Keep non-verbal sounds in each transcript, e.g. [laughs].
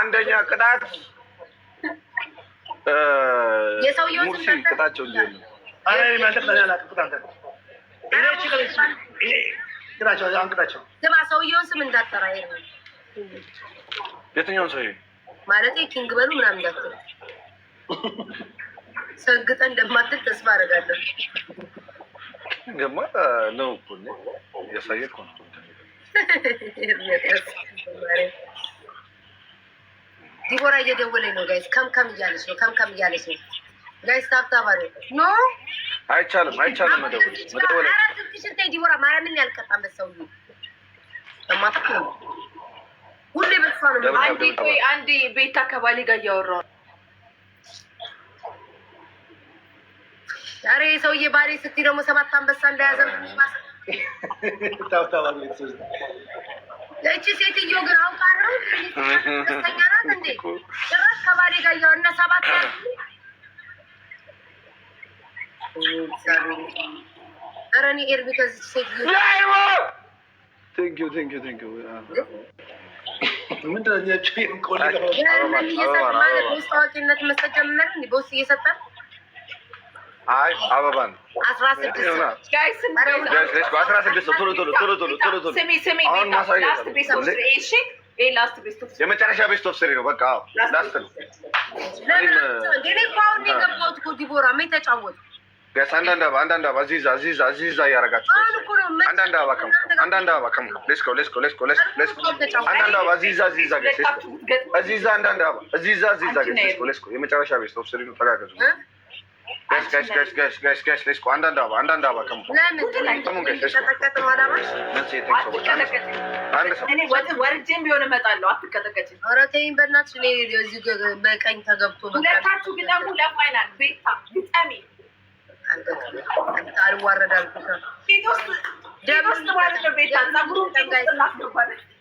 አንደኛ ቅጣት ሙርሲ ቅጣቸው እንዲ ስማ፣ ሰውየውን ስም እንዳጠራ የትኛውን ሰውዬ ማለት ኪንግ በሉ ምናምን እንዳትል ሰግጠ እንደማትል ተስፋ አደርጋለሁ። ግማ ነው እኮ ያሳየ ነው [laughs] ዲቦራ እየደወለኝ ነው ጋይስ። ከምከም እያለች ነው። ከምከም እያለች ነው ጋይስ። ታብታባ ኖ አይቻልም፣ አይቻልም። ዲቦራ ማርያምን ያልቀጣም በሰው ሁሌ በሷ ነው። አንዴ ቤታ ከባሌ ጋር እያወራሁ ዛሬ ሰውዬ ባሌ ስትይ ደግሞ ሰባት አንበሳ እንደያዘ ታብታባ ሴትዮ ግን አውቃለሁ ታዋቂነት መሰጀመር ቦስ እየሰጠን አይ አበባ አስራ ስድስት ቶሎ ቶሎ ቶሎ ቶሎ ቶሎ የመጨረሻ ቤስት ኦፍ ስሪ ነው። በቃ ላስት ነው። አንዳንድ አበባ አንዳንድ አበባ እዚህ እዛ እዚህ እዛ የመጨረሻ ቤስት ኦፍ ስሪ ነው። ተጋገዙ ወርጄም ቢሆን እመጣለሁ። አትቀጠቀጭም። ኧረ ተይኝ በእናትሽ። እዚህ በቀኝ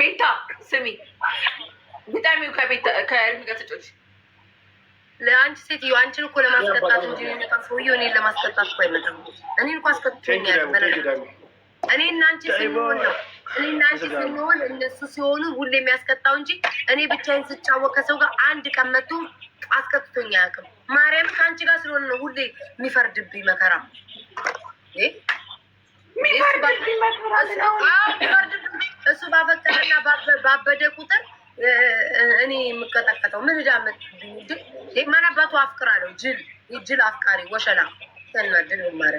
ቤታ ስሚ፣ ግጠሚው ከእድሜ ጋር ተጫወች። ለአንቺ ሴትዮ አንቺን እኮ ለማስቀጣት እንጂ የሚመጣ ሰውዬው እኔን ለማስቀጣት እኮ አይመጣም። እኔን እኮ አስቀጥቶኛል። እኔ እና አንቺ ስንሆን ነው እኔ እና አንቺ ስንሆን እነሱ ሲሆኑ ሁሌ የሚያስቀጣው እንጂ እኔ ብቻዬን ስጫወት ከሰው ጋር አንድ ቀን መቶ አስቀጥቶኝ አያውቅም። ማርያም ከአንቺ ጋር ስለሆነ ነው ሁሌ የሚፈርድብኝ መከራ እሱ ባፈጠረና ባበደ ቁጥር እኔ የምቀጠቀጠው ምን ዳ ማን አባቱ አፍቅር አለው። ጅል ጅል አፍቃሪ ወሸላ ተናድል ማረ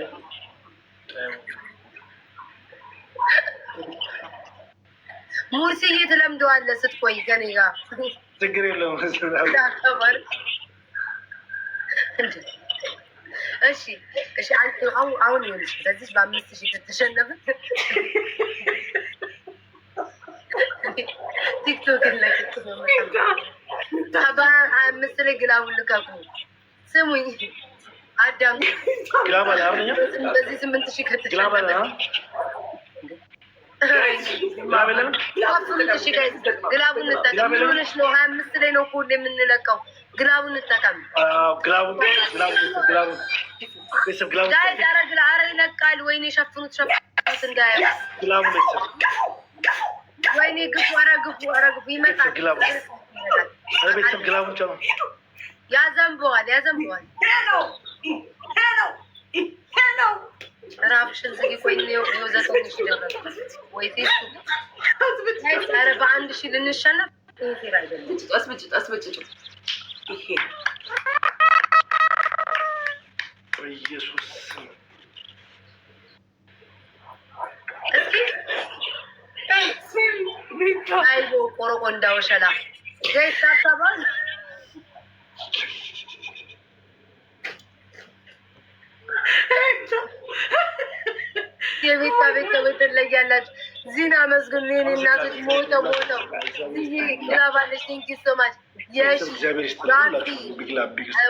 ሙርሲዬ ትለምደዋለህ ስትቆይ ከኔ ጋር ችግር የለውም። እሺ እሺ። አሁን ይሁን በዚህ በአምስት ሺህ ስትሸነፍ ቲክቶክ አምስት ላይ ግላቡ ልቀቁ። ስሙኝ አዳም በዚህ ስምንት ሺህ ግላቡን እንጠቀም። ምን ሆነሽ ነው? ሀያ አምስት ላይ ነው እኮ የምንለቀው ግላቡን እንጠቀም። ኧረ ይለቃል። ወይኔ ሸፍኑት፣ ሸፍኑት እንዳያዩ። ወይኔ ግፉ፣ ኧረ ግፉ፣ ኧረ ግፉ። ይመጣል ያዘንበዋል፣ ያዘንበዋል። ራብሽን ዝጊ። ቆይ ወይ በአንድ ሺህ ልንሸነፍ ይሄ ኢየሱስ ቆረቆ እንዳወሸላ ይታሰባል። የቤታ ዚና መስግን የእኔ እናቶች ሞተው ሞተው ይሄ ግላባለች ንኪ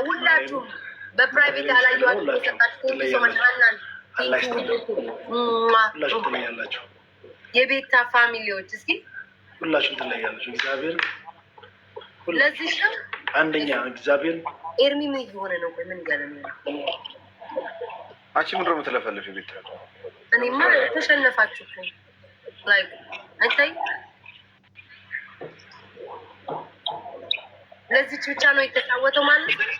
ሁላችሁም በፕራይቬት አላየኋትም። የቤታ ፋሚሊዎች እስኪ ሁላችሁም ትለያላችሁ። እግዚአብሔር ለዚህ አንደኛ እግዚአብሔር ኤርሚ ምን እየሆነ ነው? ምን ገለ አንቺ ምንድን ነው የምትለፈልፊው? ቤታ እኔማ ተሸነፋችሁ ላይ አይታይ ለዚች ብቻ ነው የተጫወተው ማለት ነው።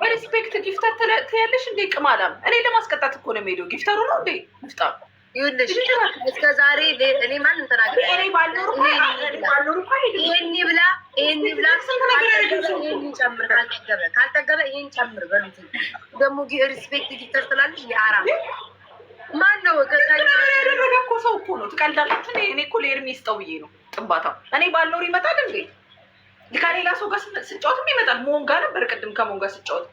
በሪስፔክት ጊፍተር ትያለሽ እንዴ? ቅማላም እኔ ለማስቀጣት እኮ ነው የሚሄደው። ጊፍተሩ ነው እንዴ ምፍጣ ይኸውልሽ እስከ ዛሬ እኔ ማንም ተናግሬ ብላ ይሄን ብላ ጨምር፣ ካልጠገበ ይሄን ጨምር በሉት። ደግሞ ሪስፔክት ጊፍተር ትላለች። የአራም ማን ነው ያደረገ እኮ ሰው እኮ ነው። ትቀልዳላችሁ። እኔ እኮ ለኤርሚ ስጠው ብዬ ነው ጥንባታው። እኔ ባልኖር ይመጣል እንዴ ከሌላ ሰው ጋር ስጫወትም ይመጣል። መሆን ጋር ነበር ቅድም ከመሆን ጋር ስጫወት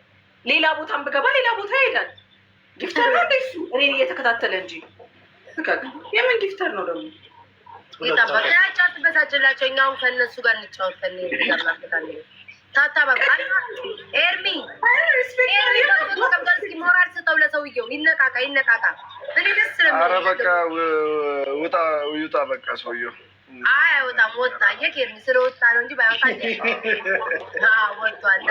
ሌላ ቦታም ብገባ ሌላ ቦታ ይሄዳል። ጊፍተር ነው እንደሱ እኔን እየተከታተለ እንጂ የምን ጊፍተር ነው ደግሞ ጫት በሳጭላቸው እኛውን ከእነሱ ጋር እንጫወት ታታ በቃ ኤርሚ ሞራል ስጠው ለሰውየው፣ ይነቃቃ ይነቃቃ። እኔ ደስ ስለሚ ኧረ በቃ ውጣ ይውጣ በቃ ሰውየው አይወጣም። ወጣ የኬር ስለወጣ ነው እንጂ ባይወጣ [laughs] ወጥቷል።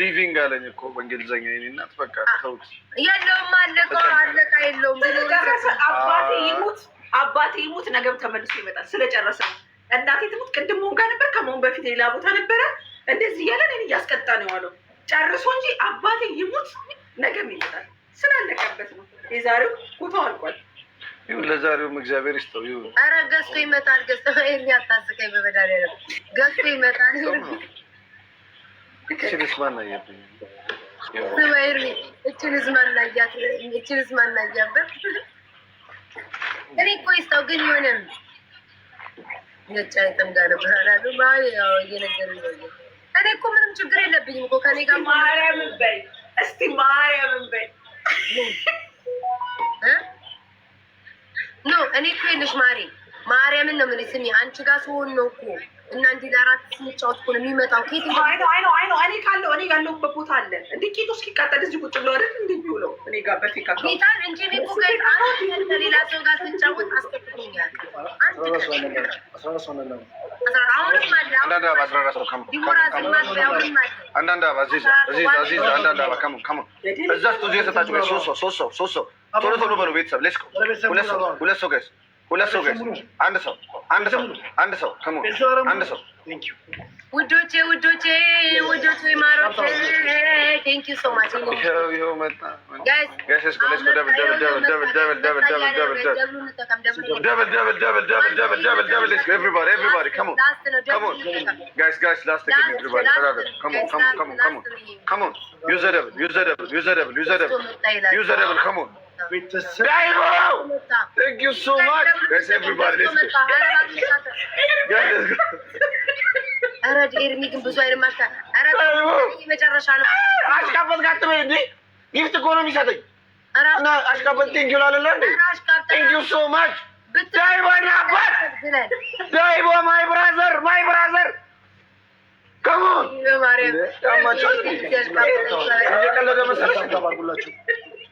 ሊቪንግ አለኝ እኮ በእንግሊዝኛ የእኔ እናት በቃ ተውት። የለውም አለቀ አለቃ የለውም። አባቴ ይሙት አባቴ ይሙት ነገም ተመልሶ ይመጣል። ስለጨረሰ እናቴ ትሙት ቅድም ጋር ነበር ከመሆን በፊት ሌላ ቦታ ነበረ። እንደዚህ እያለ እኔን እያስቀጣ ነው ጨርሶ እንጂ አባቴ ይሙት ነገም ይመጣል። ስላለቀበት ነው የዛሬው ቦታው አልቋል። ይሁን ለዛሬውም እግዚአብሔር ይስጠው። ይሁን ኧረ ገዝቶ ይመጣል። ገዝቶ የሚያታዝቀኝ በመድኃኒዓለም ገዝቶ ይመጣል። እችን እችን እችን እኔ እኮ ይስጠው ግን ነጭ አይጥም ጋር እኔ እኮ ምንም ችግር የለብኝም እኮ ከኔ ጋር ማርያምን በይ እስቲ ማርያምን በይ ነው። እኔ እኮ የለሽ ማሬ ማርያምን ነው ምን ስሚ፣ አንቺ ጋር ስሆን ነው እኮ እና ለአራት ስንጫወት እኮ ነው የሚመጣው። ኬት እኔ ካለው እኔ ያለሁበት ቦታ አለ እንዴ ቂጡ እስኪቃጠል እዚህ ቁጭ ብሎ አይደል እንዲ ብሎ እኔ ጋር በፊት ጌታን እንጂ እኔ እኮ ከሌላ ሰው ጋር ስንጫወት አስከፍሎኛል። አሁንም አለ አንዳንድ አባ እዚህ እዛ ስቱዲዮ የሰጣችሁ ሶስት ሰው ሶስት ሰው ሶስት ሰው ቶሎ ቶሎ በሉ ቤተሰብ ሁለት ሰው ገስ ሁለት ሰው ገስ አንድ ሰው አንድ ሰው አንድ ሰው ከሞን አንድ ሰው ውዶቼ ውዶቼ ውዶቼ ማሮቼ ቴንክ ዩ ሶ ማች ጋይስ ጊፍት እየቀለደ መሰረት አባርጉላችሁ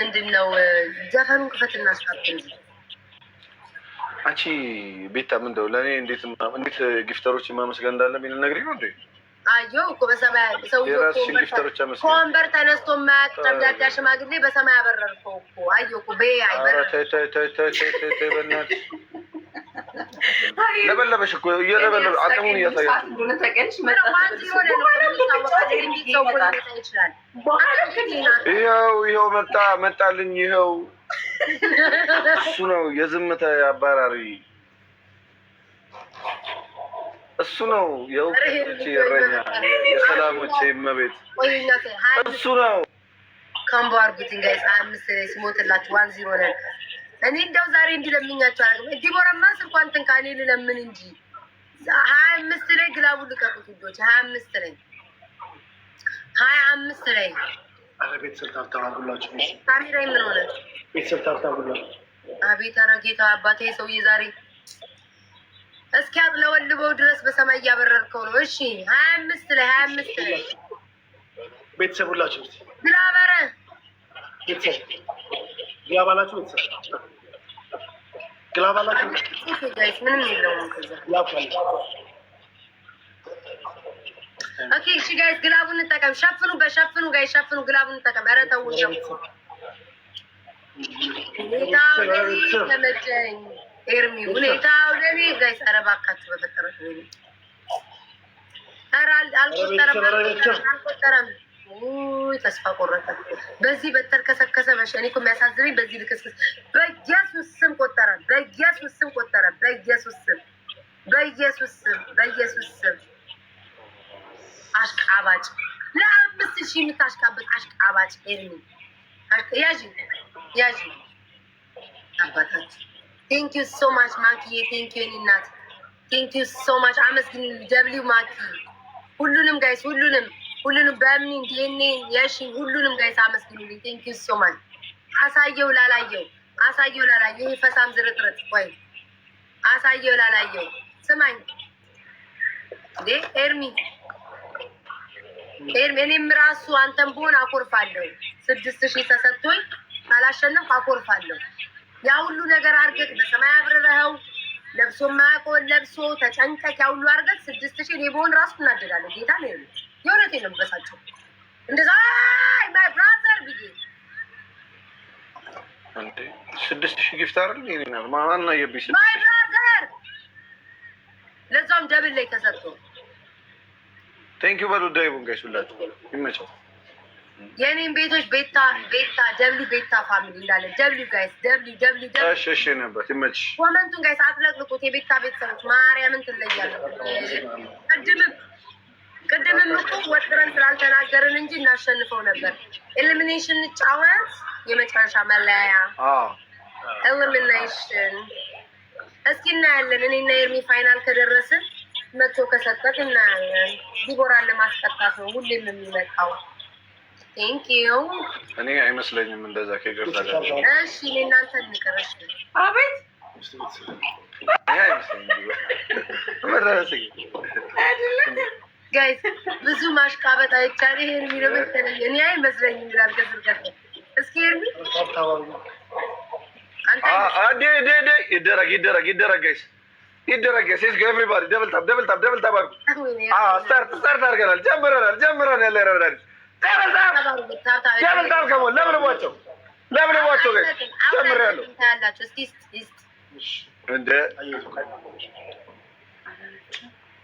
ምንድን ነው ዘፈኑን ክፈት እናስፋብን። አንቺ ቤታ ምንደው ለእኔ እንዴት እንዴት ጊፍተሮች ማመስገን እንዳለብኝ ልነግሪኝ ነው እንዴ? አየሁ እኮ በሰማይ ከወንበር ተነስቶ ማያቅ ጠምዳዳ ሽማግሌ በሰማይ አበረርከው እኮ። አየሁ እኮ በይ አይበረ ለበለበሽ እኮ እየለበለበ አቅሙን እያሳያችሁ ይኸው ይኸው መጣ መጣልኝ። ይኸው እሱ ነው የዝምተ አባራሪ፣ እሱ ነው የእውቀቶቼ እረኛ፣ የሰላሞቼ እመቤት፣ እሱ ነው። ካምቦ አርጉት እንጋይስ አምስት ሲሞትላችሁ ዋን ዚሮ ነን እኔ እንደው ዛሬ እንዲለምኛቸው አረግ ዲቦራማ እንኳን ትንካኔ ልለምን እንጂ ሀያ አምስት ላይ ግላቡ ልቀቁት ልጆች፣ ሀያ አምስት ላይ ሀያ አምስት ላይ ቤተሰብ ታብታቡላችሁ አቤት ኧረ ጌታ አባቴ ሰውዬ ዛሬ እስኪ ለወልበው ድረስ በሰማይ እያበረርከው ነው። እሺ ሀያ አምስት ላይ ሀያ አምስት ላይ ቤተሰቡላችሁ ግላበረ ቤተሰብ ግላባላችሁ የተሰራ ግላባላችሁ ምንም የለውም። ጋይስ ግላቡን እንጠቀም። ሸፍኑ በሸፍኑ ጋይስ ሸፍኑ። ግላቡን እንጠቀም። ኧረ ተው ተመቸኝ። ኤርሚ ሁኔታው ለኔ ጋይስ። ተስፋ ቆረጠ። በዚህ በተርከሰከሰ መሸ። እኔ እኮ የሚያሳዝነኝ በዚህ ልክስክስ። በኢየሱስ ስም ቆጠረ፣ በኢየሱስ ስም ቆጠረ፣ በኢየሱስ ስም፣ በኢየሱስ ስም፣ በኢየሱስ ስም። አሽቃባጭ ለአምስት ሺህ የምታሽቃበት አሽቃባጭ ኤርሚ ያዥ ያዥ። አባታችሁ ቴንኪዩ ሶ ማች ማኪዬ፣ ቴንኪዩ የእኔ እናት፣ ቴንኪዩ ሶ ማች አመስግን። ደብሊው ማኪ ሁሉንም ጋይስ ሁሉንም ሁሉንም በእምኒን ዲኔ የሺ ሁሉንም ጋይስ አመስግኑልኝ። ቴንክ ዩ ሶ ማች። አሳየው ላላየው አሳየው ላላየው ይህ ፈሳም ዝርጥርጥ ወይ አሳየው ላላየው ስማኝ እንዴ ኤርሚ ኤርሚ እኔም ራሱ አንተም ብሆን አኮርፋለሁ። ስድስት ሺህ ተሰጥቶኝ ካላሸነፍ አኮርፋለሁ። ያ ሁሉ ነገር አርገህ በሰማይ አብረረኸው ለብሶ ማያቆን ለብሶ ተጨንቀቅ ያ ሁሉ አርገህ ስድስት ሺህ እኔ ብሆን ራሱ እናደዳለሁ። ጌታ ነው የእውነት የለበሳቸው እንደዛ ማይ ብራዘር ብዬ ስድስት ሺህ ጊፍት አይደል ይናል ማን ነው የብኝ ማይ ብራዘር ለዛም ደብል ላይ ተሰጥቶ ቴንክ ዩ በሉ ዳይቡን ጋይሱላችሁ ይመቸው። የእኔም ቤቶች ቤታ ቤታ ደብሊ ቤታ ፋሚሊ እንዳለ ደብሊ ጋይስ ደብሊ ደብሊ ሸሽ ነበር ይመች። ኮመንቱን ጋይስ አጥለቅልቁት። የቤታ ቤተሰቦች ማርያምን ትለያለ ቅድምም ቅድምም እኮ ወጥረን ስላልተናገርን እንጂ እናሸንፈው ነበር። ኤሊሚኔሽን ጫወት የመጨረሻ መለያያ ኤሊሚኔሽን እስኪ እናያለን። እኔና ኤርሚ ፋይናል ከደረስን መቶ ከሰጠት እናያለን። ዲቦራን ለማስቀጣት ነው ሁሌም የሚመጣው። ቴንክ ዩ። እኔ አይመስለኝም እንደዛ ከገር እሺ፣ እኔ እናንተ እንቅረሽ። አቤት አይመስለኝም ጋይስ ብዙ ማሽቃበጥ አይቻል። ይሄ ሄርሚ ነው መሰለኝ። እኔ አይመስለኝም ይላል ከስርቀት። እስኪ ሄርሚ ይደረግ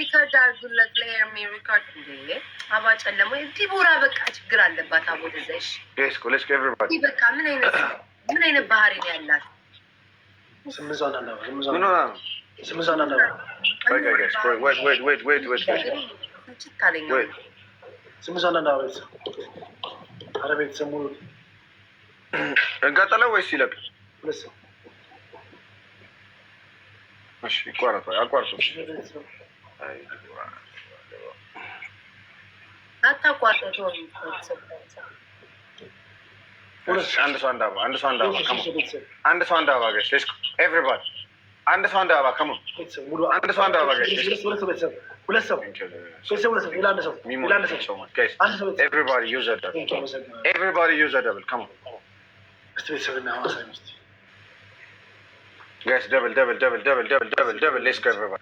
ሪከርድ አባ ጨለማ ዲቦራ በቃ ችግር አለባት። አቦ ምን አይነት ባህሪ ነው ያላት? እንቀጥለው ወይስ ይለቅ? እሺ ይቋረጣል። አቋርጡ። አንድ ሰው አንድ አበባ፣ አንድ ሰው አንድ አበባ፣ አንድ ሰው አንድ አበባ አንድ ሰው አንድ አበባ ከሙ፣ አንድ ሰው አንድ አበባ ገሽ ሁለት ሰው ኤቭሪባዲ ዩዝ ኤ ደብል ከሙ Guys, double, double, double, double, double, double, double. Let's go, everyone.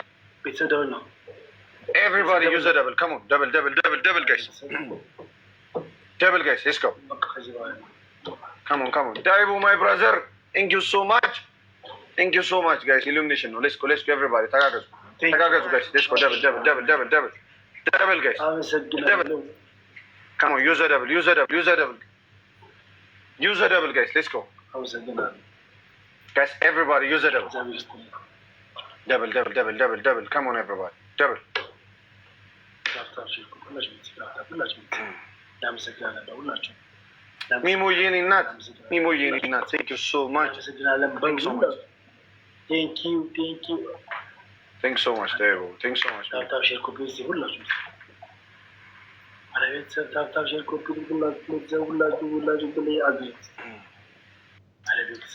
It's a double now. Everybody use a double. Come on, double, double, double, double, guys. double, guys. Let's go. Come on, come on. Daibu, my brother. Thank you so much. Thank you so much, guys. Illumination. Let's go, let's go, everybody. thank you, guys. Let's go, double, double, double, double, double. Double, guys. Double. Come on, use a double, use a double, use a double. Use a double, guys. Let's go. ጋይስ ኤቨሪባዲ ዩዝ ደብል ደብል ደብል ደብል ደብል ደብል ከሞን ኤቨሪባዲ ደብል ሚሙ የኔ እናት ሚሙ የኔ እናት ቴንክ ዩ ሶ ማች ቴንክ ሶ ማች ቴንክ ሶ ማች ሁላችሁ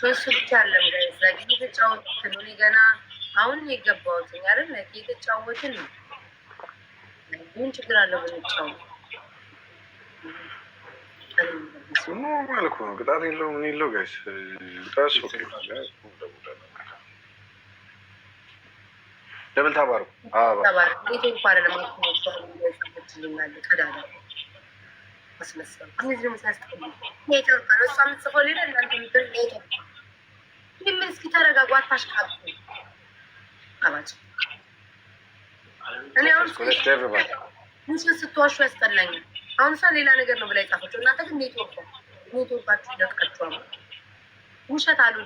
በሱ ብቻ አለም ጋይዝ ነገ የተጫወትን እኔ ገና አሁን የገባሁትኝ አይደል? ነገ የተጫወትን ምን ችግር አለው ብንጫወት? ነው ቅጣት የለውም። ምን የለው ጋይስ ደብል አስመሰሉ። እነዚህ ነው ሌላ ነገር ነው ብላ የጻፈችው እናንተ ግን የኢትዮጵያ ኔትወርካችሁ ይደርቃችኋል። ውሸት አሉ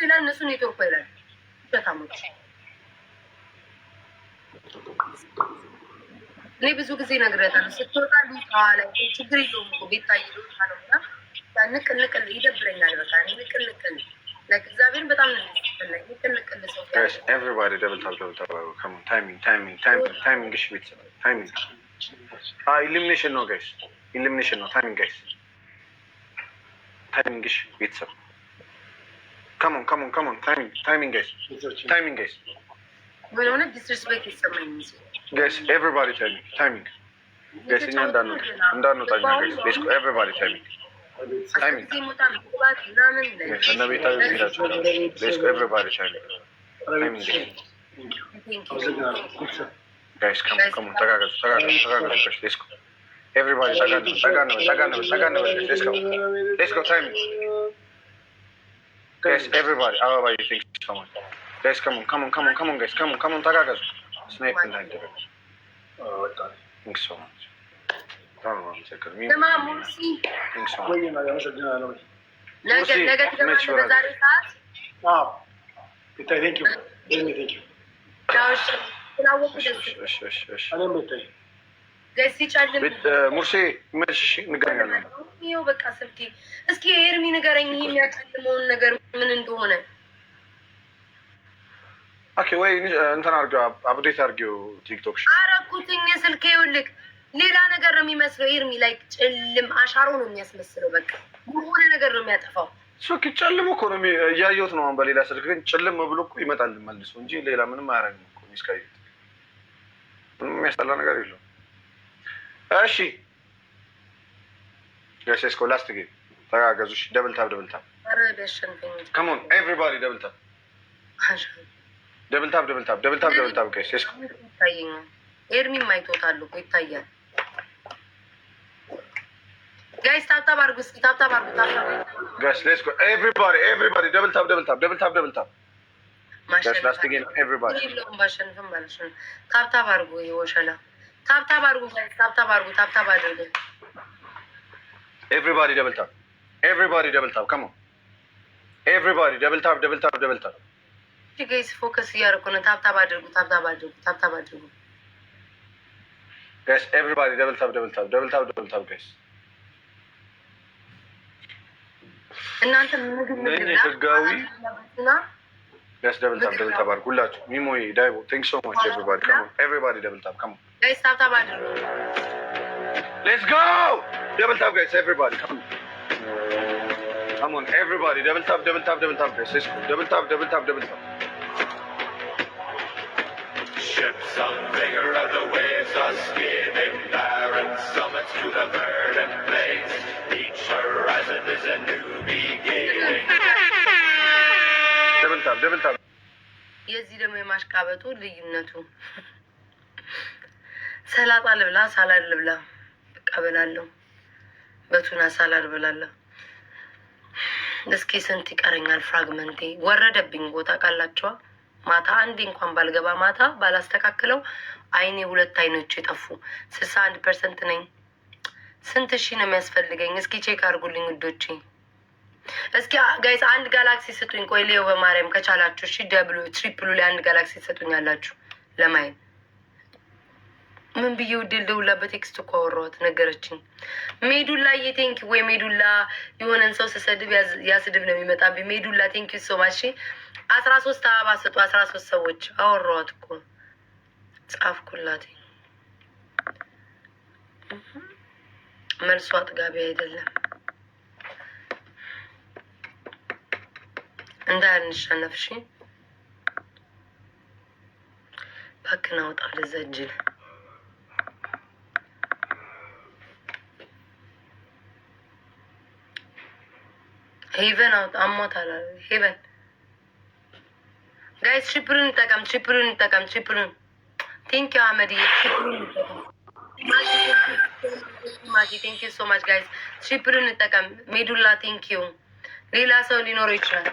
ሌላ እነሱ ኔትወርኩ ይላል በታሞች እኔ ብዙ ጊዜ ነግረታል። ስትወጣ ሉጣ ላይ ችግር የለውም እኮ ቤታይ ሉጣ ነው እና ይደብረኛል። በቃ ንቅንቅል እግዚአብሔር በጣም ነው ቤተሰብ ከሞን ከሞን ከሞን ታይሚንግ ጋይስ ታይሚንግ ጋይስ በሆነ ዲስርስፔክት ይሰማኝ ጋይስ ኤቨሪባዲ ታይሚንግ ታይሚንግ ጋይስ እኛ እንዳንወጣ እንዳንወጣ ጋይስ ኤቨሪባዲ ታይሚንግ ታይሚንግ ጋይስ ቤታዊ ሚላቸው ጋይስ ኤቨሪባዲ ታይሚንግ ታይሚንግ ጋይስ ከሞን ከሞን ተጋገዙ ተጋገዙ ተጋገዙ ጋይስ ሌስኮ ኤቨሪባዲ ተጋገዙ ተጋገዙ ተጋገዙ ሌስኮ ሌስኮ ታይሚንግ Guys, everybody, አበባ ዩቲንክ ሰሞን ጋይስ ከሙን ከሙን ከሞን ከሞን ጋይስ ከሞን ከሞን ተጋገዙ። ስናይፕ እናደረግ ነገ ሙርሴ መሽ እንገናኛለን። ይኸው በቃ ስልኬ እስኪ የኤርሚ ንገረኝ፣ ይሄ የሚያጨልመውን ነገር ምን እንደሆነ። ኦኬ ወይ እንትን አድርጊው፣ አፕዴት ቲክቶክ አረኩትኝ ስልኬ። ይኸውልህ ሌላ ነገር ነው የሚመስለው ኤርሚ፣ ላይ ጭልም አሻሮ ነው የሚያስመስለው። በቃ የሆነ ነገር ነው የሚያጠፋው። ሱክ ጨልም እኮ ነው እያየሁት ነው። በሌላ ስልክ ግን ጭልም ብሎ እኮ ይመጣል መልሶ እንጂ ሌላ ምንም አያደርግም እኮ። ሚስካዩት የሚያስጠላ ነገር የለውም። እሺ ጋሽ ስኮ ላስት ጌም ተጋገዙ። ደብል ታብ ደብል ታብ ከሞን ኤቭሪባዲ ደብል ታብ ደብል ታብ ደብል ታብ ደብል ታብ ደብል ታብ ጋሽ ስኮ ይታየኛል። እኮ ይታያል። ጋይስ ታብታብ አድርጉ እስኪ ታብታብ አድርጉ። ጋሽ ሌትስ ጎ ኤቭሪባዲ ኤቭሪባዲ ደብል ታብ ደብል ታብ ደብል ታብ ደብል ታብ ማሸነፍ ኤቭሪባዲ ታብታብ አድርጉ ይወሸላ ታብታብ አድርጉ፣ ታብታብ አድርጉ፣ ታብታብ አድርጉ። ኤቭሪባዲ ደብል ታብ፣ ኤቭሪባዲ ደብል ታብ፣ ከማ ኤቭሪባዲ ደብል ታብ፣ ደብል ታብ፣ ደብል ታብ። ጌስ ፎከስ እያደረኩ ነው። ታብታብ አድርጉ፣ ታብታብ አድርጉ፣ ታብታብ አድርጉ። ጋይስ ኤቭሪባዲ ደብል ታብ፣ ደብል ታብ፣ ደብል ታብ፣ ደብል ታብ። ጋይስ እናንተ ምግብ ህጋዊ ደብል ታብ፣ ደብል ታብ አድርጉ ሚሞዬ ዳይቦ ቴንክ ሶ ማች ኤቭሪባዲ፣ ኤቭሪባዲ ደብል ታብ፣ Guys, stop, stop, Let's go! Double tap, guys, everybody. Come. Come on, everybody. Double tap, double tap, double tap, guys. Let's go. Double tap, double tap, double tap. Ships are bigger and the waves are skimming barren summits to the verdant plains. Each horizon is a new beginning. double tap, double tap. የዚህ ደግሞ የማሽቃበጡ ልዩነቱ ሰላጣ ልብላ ሳላድ ልብላ በቃ በቱና ሳላድ ብላለሁ። እስኪ ስንት ይቀረኛል? ፍራግመንቴ ወረደብኝ ቦታ ቃላቸዋ ማታ አንዴ እንኳን ባልገባ ማታ ባላስተካክለው አይኔ ሁለት አይኖች የጠፉ ስልሳ አንድ ፐርሰንት ነኝ። ስንት ሺ ነው የሚያስፈልገኝ? እስኪ ቼክ አድርጉልኝ ውዶቼ። እስኪ ጋይስ አንድ ጋላክሲ ስጡኝ። ቆይ ሌዮ በማርያም ከቻላችሁ እሺ፣ ደብሉ ትሪፕሉ ላይ አንድ ጋላክሲ ትሰጡኝ ያላችሁ ለማየት ምን ብዬ ውድል ደውላ በቴክስት እኮ አወራኋት ነገረችኝ። ሜዱላ የቴንኪ ወይ ሜዱላ የሆነን ሰው ስሰድብ ያስድብ ነው የሚመጣብኝ። ሜዱላ ቴንኪ ሰው ማሽ አስራ ሶስት አበባ ሰጡ። አስራ ሶስት ሰዎች አወራኋት እኮ ጻፍኩላት። መልሱ አጥጋቢ አይደለም። ባክን አውጣ ልዘጅል ሄቨን አሟታል። ሄቨን ጋይስ ቺፕሩን እንጠቀም፣ ቺፕሩን እንጠቀም፣ ቺፕሩን ቴንክ ዩ አህመድ፣ ቴንክ ዩ ሶ ማች ጋይስ፣ ቺፕሩን እንጠቀም። ሜዱላ ቴንክ ዩ። ሌላ ሰው ሊኖረው ይችላል።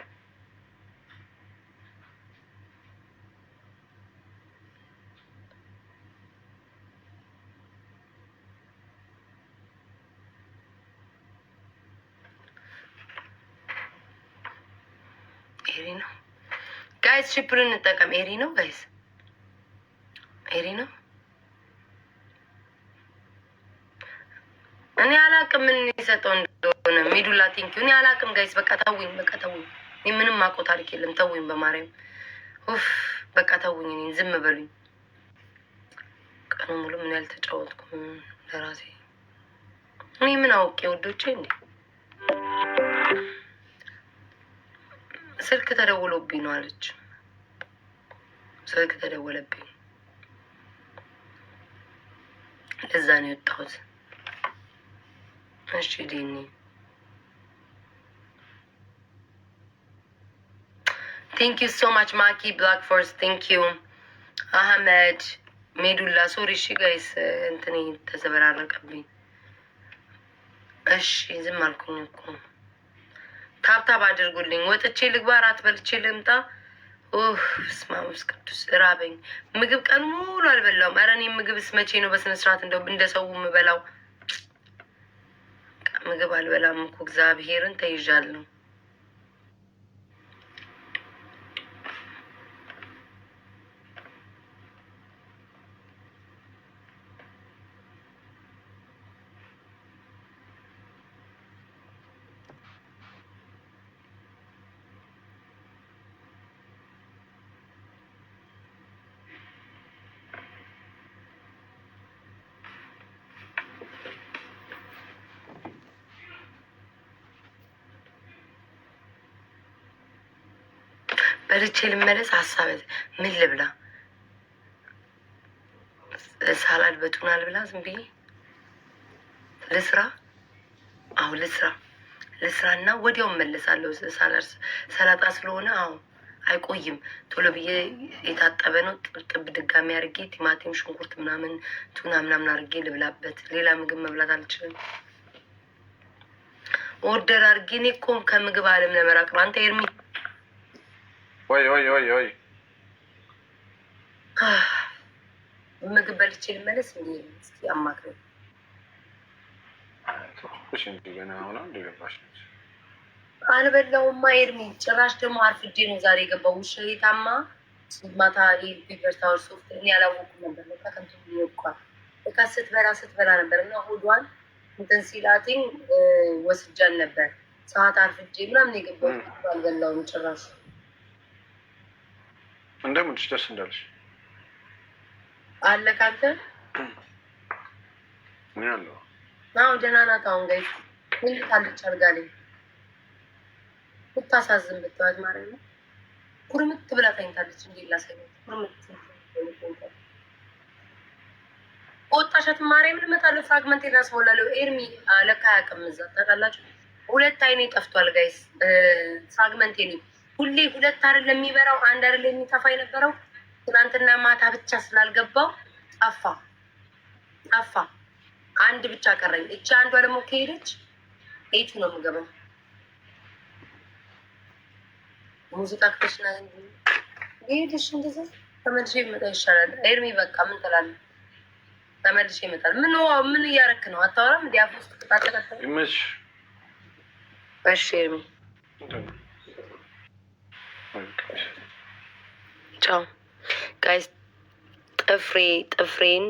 ኤሪ ነው ጋይስ፣ ሽፕል እንጠቀም። ኤሪ ነው ጋይስ፣ ኤሪ ነው። እኔ አላቅም ምን የሰጠው እንደሆነ ሚዱላ ቴንኪው። እኔ አላቅም ጋይስ፣ በቃ ተውኝ፣ በቃ ተውኝ። እኔ ምንም ማውቀው ታሪክ የለም። ተውኝ፣ በማርያም ኡፍ፣ በቃ ተውኝ። እኔን ዝም በሉኝ። ቀኑ ሙሉ ምን ያልተጫወትኩም ለራሴ እኔ ምን አውቄ ውዶቼ እንዴ ስልክ ተደውሎብኝ ነው አለች። ስልክ ተደወለብኝ፣ ለዛ ነው የወጣሁት። እሺ ዴኒ ቴንክ ዩ ሶ ማች ማኪ ብላክ ፎርስ ቴንክ ዩ አህመድ ሜዱላ ሶሪ። እሺ ጋይስ እንትን ተዘበራረቀብኝ። እሺ ዝም አልኩኝ እኮ ታብታብ አድርጉልኝ። ወጥቼ ልግባ፣ ራት በልቼ ልምጣ። ስማሙስ ቅዱስ እራበኝ። ምግብ ቀን ሙሉ አልበላውም። ኧረ እኔ ምግብስ መቼ ነው በስነስርዓት እንደው እንደ የምበላው? ምግብ አልበላም እኮ እግዚአብሔርን ተይዣለሁ። በልቼ ልመለስ። ሀሳብ ምን ልብላ? ሳላድ በቱና ልብላ? ዝም ብዬ ልስራ። አዎ ልስራ ልስራ ልስራና ወዲያው መለሳለሁ። ሰላጣ ስለሆነ አዎ አይቆይም። ቶሎ ብዬ የታጠበ ነው። ጥብጥብ ድጋሚ አድርጌ ቲማቲም፣ ሽንኩርት ምናምን ቱና ምናምን አድርጌ ልብላበት። ሌላ ምግብ መብላት አልችልም። ኦርደር አድርጌ እኔ እኮ ከምግብ አለም ለመራቅ ነው። አንተ ኤርሚ ወይ ወይ ወይ ወይ ምግብ በልቼ ልመለስ እንዲ አማክረኝ። አልበላውማ ኤርሚ፣ ጭራሽ ደግሞ አርፍጄ ነው ዛሬ የገባው። ውሻ የታማ ማታ ሪቨርታወር ጽሁፍ እኔ ያላወኩም ነበር። ለካ ከምት ይወቋል በቃ ስትበላ ስትበላ ነበር እና ሆዷን እንትን ሲላትኝ ወስጃን ነበር ሰዓት አርፍጄ ምናምን የገባው አልበላውም ጭራሽ እንደምን ደስ እንዳለሽ አለ ካንተ ምን ያለው አዎ ደህና ናት። አሁን ጋይ ምን ታለች አድርጋለኝ ብታሳዝን ብትዋት ማለት ነው። ኩርምት ብላ ተኝታለች። እንዴ ላሳይ ኩርምት ወጣሻት ማርያምን እመጣለሁ። ፍራግመንት ላስሞላለሁ። ኤርሚ ለካ አያውቅም እዛ ታውቃላችሁ። ሁለት አይኔ ጠፍቷል ጋይስ ፍራግመንት ነው ሁሌ ሁለት አር ለሚበራው አንድ አር ለሚጠፋ የነበረው ትናንትና ማታ ብቻ ስላልገባው ጠፋ ጠፋ። አንድ ብቻ ቀረኝ። እቺ አንዷ ደግሞ ከሄደች ኤቱ ነው የምገባው። ሙዚቃ ክተሽና ሄደሽ እንደዚ ተመልሼ ይመጣ ይሻላል። ኤርሚ በቃ ምን ትላለህ? ተመልሼ ይመጣል። ምን ምን እያረክ ነው? አታወራም? እንዲያ ውስጥ ጣጠቀጠ እሺ ኤርሚ ጫው ጋይስ ጥፍሬ ጥፍሬን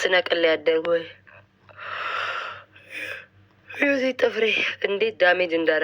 ስነቅል ያደርጉ ጥፍሬ እንዴት ዳሜጅ እንዳረ